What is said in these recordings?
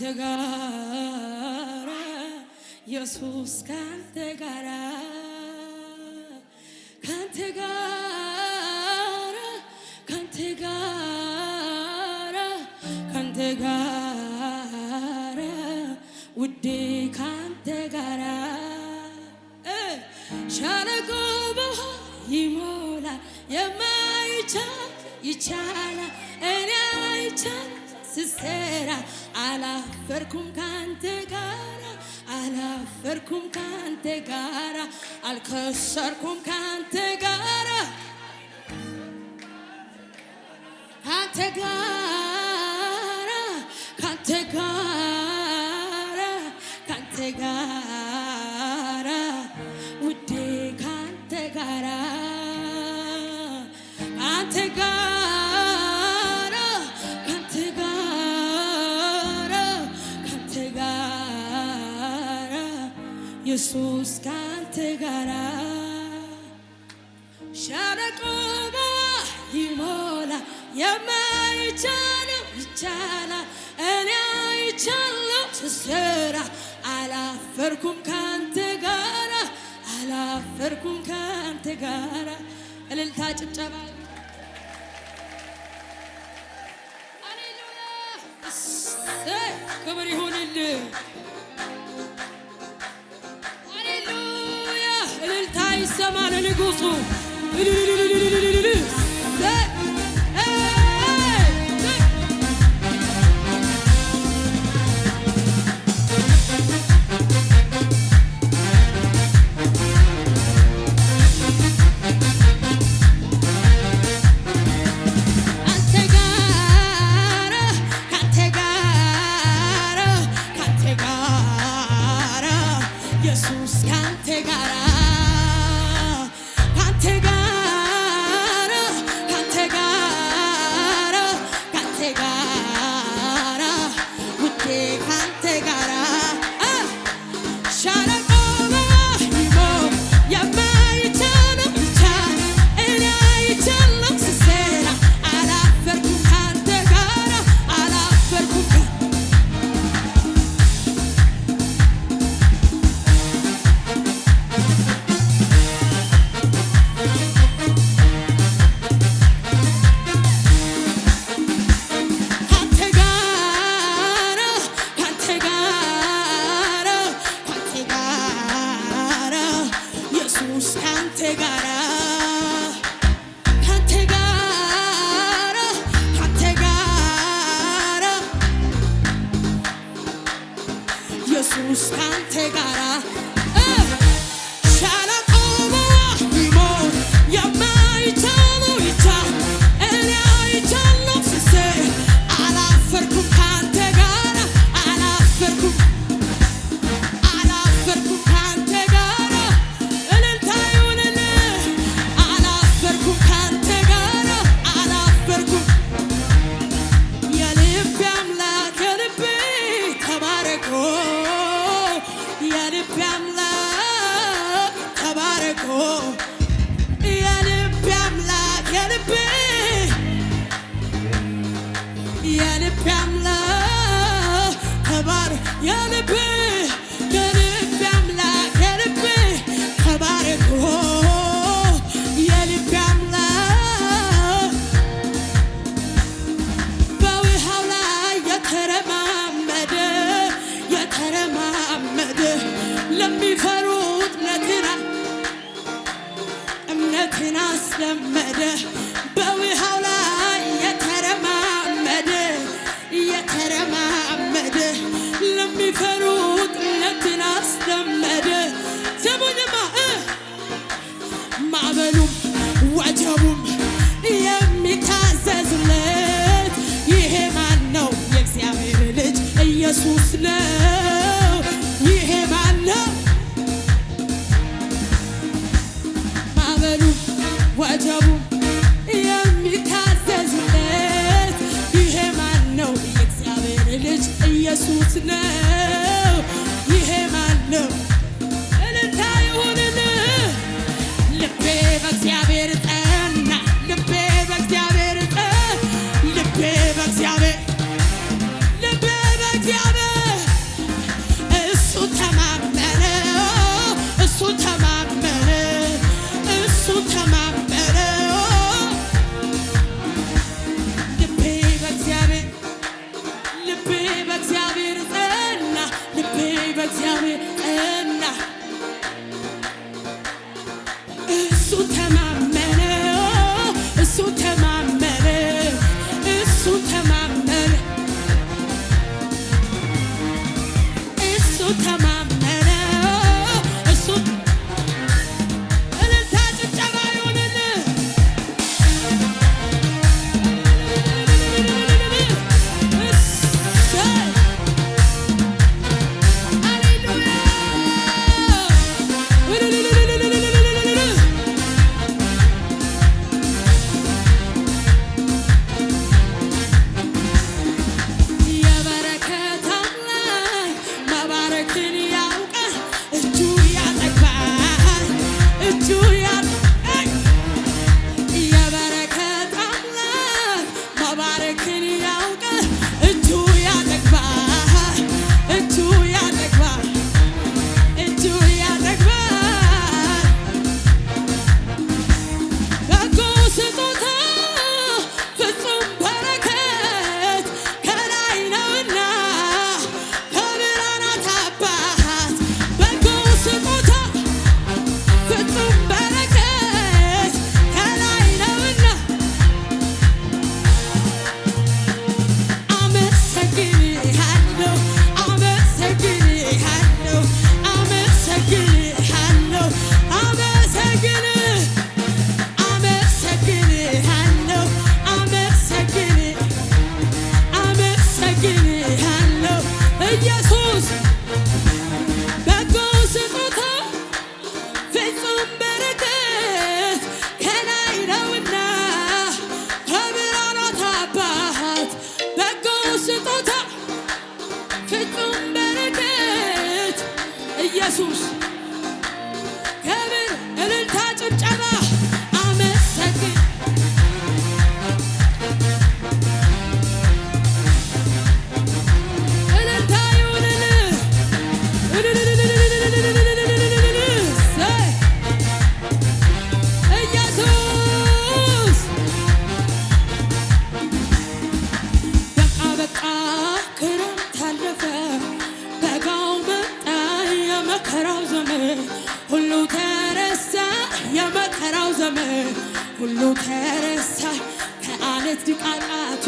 ካንተ ጋራ ኢየሱስ ካንተ ጋራ ካንተ ጋራ ካንተ ጋራ ካንተ ጋራ ውዴ ካንተ ጋራ ሸለቆ በውሃ ይሞላል የማይቻል ይቻላል እኔ አይቻል ስትሰራ አላፈርኩም ካንተ ጋራ አላፈርኩም ካንተ ጋራ አልከሰርኩም ካንተ ጋራ ካንተ ጋራ ኢየሱስ ካንተ ጋራ ሸለቆ ይሞላ የማይቻለው ይቻላል። እኔ አይቻለው ስራ አላፈርኩም ካንተ ጋራ አላፈርኩም ካንተ ጋራ እልልታ ጭብጨባ ክብር ይሁንልህ። ይሰማል ንጉሡ ኢየሱስ ካንተ ጋራ የተለመደ በውሃው ላይ የተረማመደ የተረማመደ ለሚፈሩት ለትን አስለመደ ዘቡንማ ማዕበሉም ወጀቡም የሚታዘዝለት ይሄ ማን ነው? የእግዚአብሔር ልጅ ኢየሱስ ነው። tonight. ሁሉ ተረሳ ከአለት ድቃቃቱ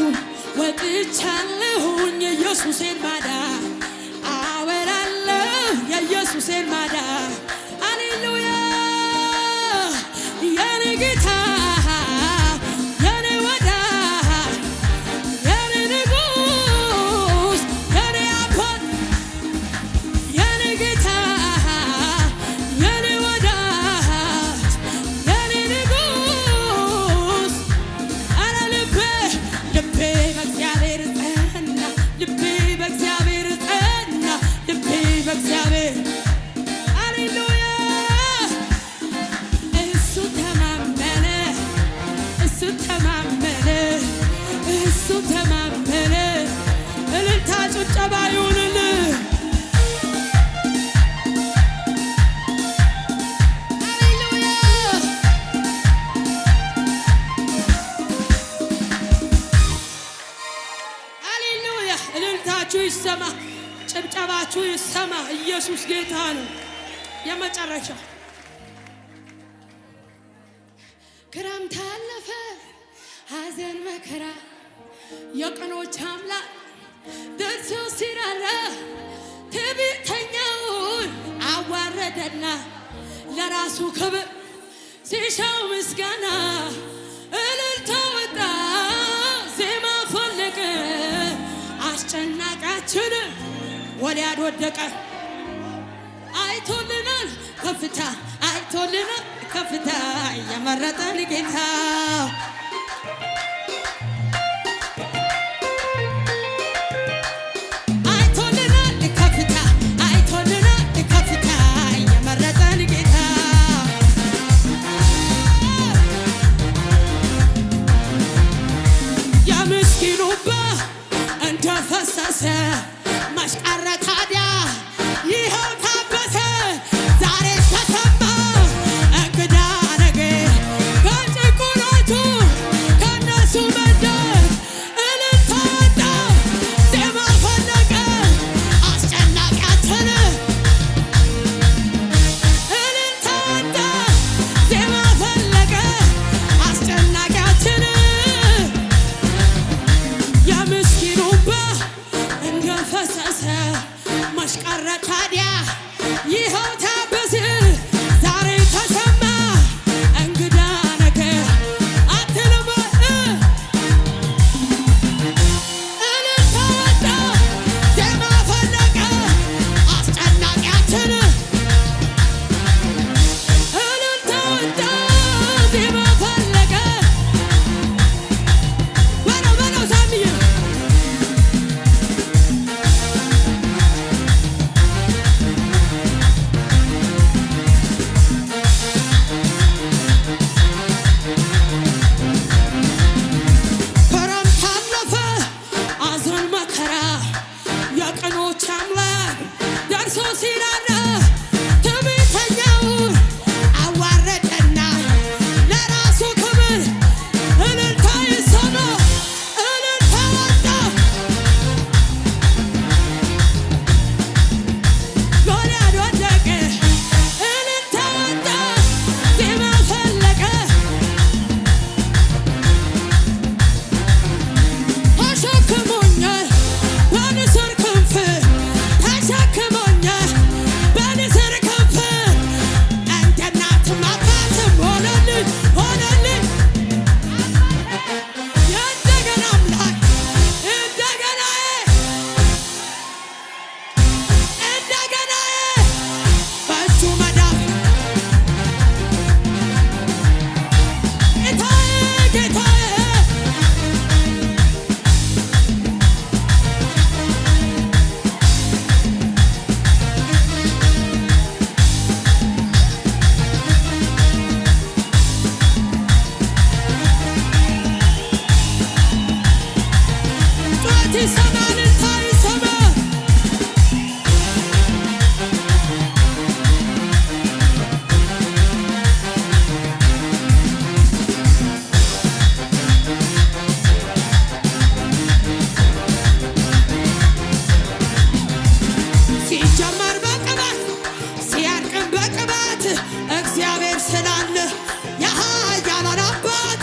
ወጥቻለሁኝ የኢየሱሴን ማዳን አወራለሁ የኢየሱሴን አሌሉያ የኔ ጌታ ጸባዩንን እልልታችሁ ይሰማ፣ ጭብጨባችሁ ይሰማ። ኢየሱስ ጌታ ነው። የመጨረሻ ክረምት አለፈ፣ ሐዘን መከራ የቀኖች አምላክ የራሱ ክብር ሲሻው ምስጋና እልልታ ወጣ ዜማ ፈለቀ አስጨናቃችን ወዲያድ ወደቀ አይቶልናል ከፍታ አይቶልናል ከፍታ የመረጠን ጌታ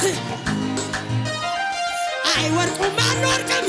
አይ አይወርቁም አንወርቅም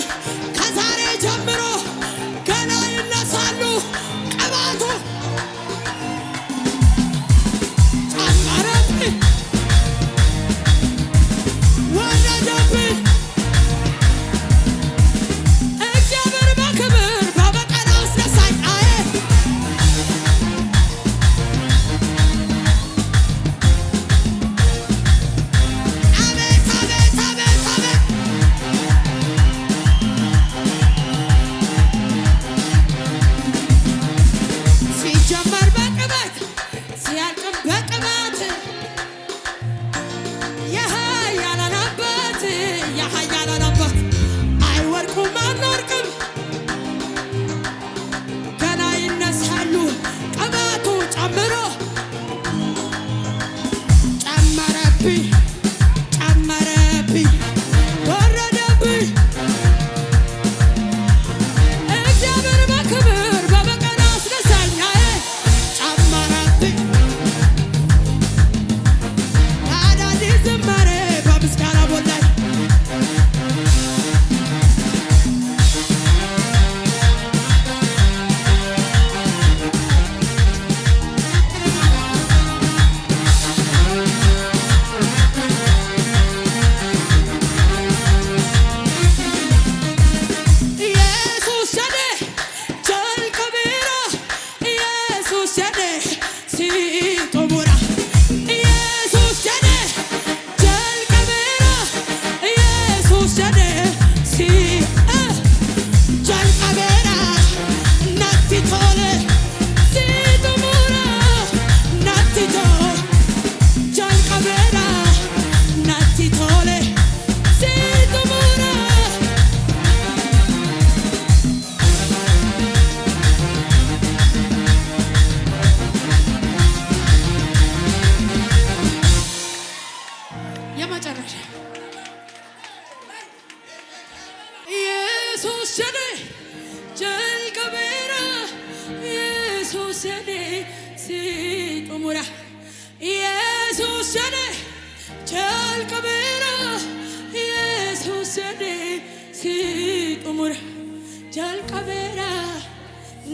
mura,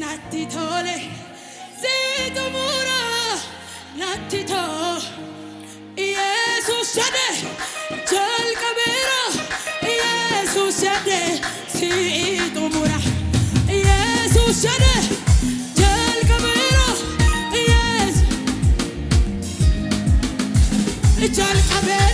natti tole, zito mura, natti to. Jesus sede, jol kabira, Jesus sede, zito mura, Jesus sede. Jal kabira, Jal kabira.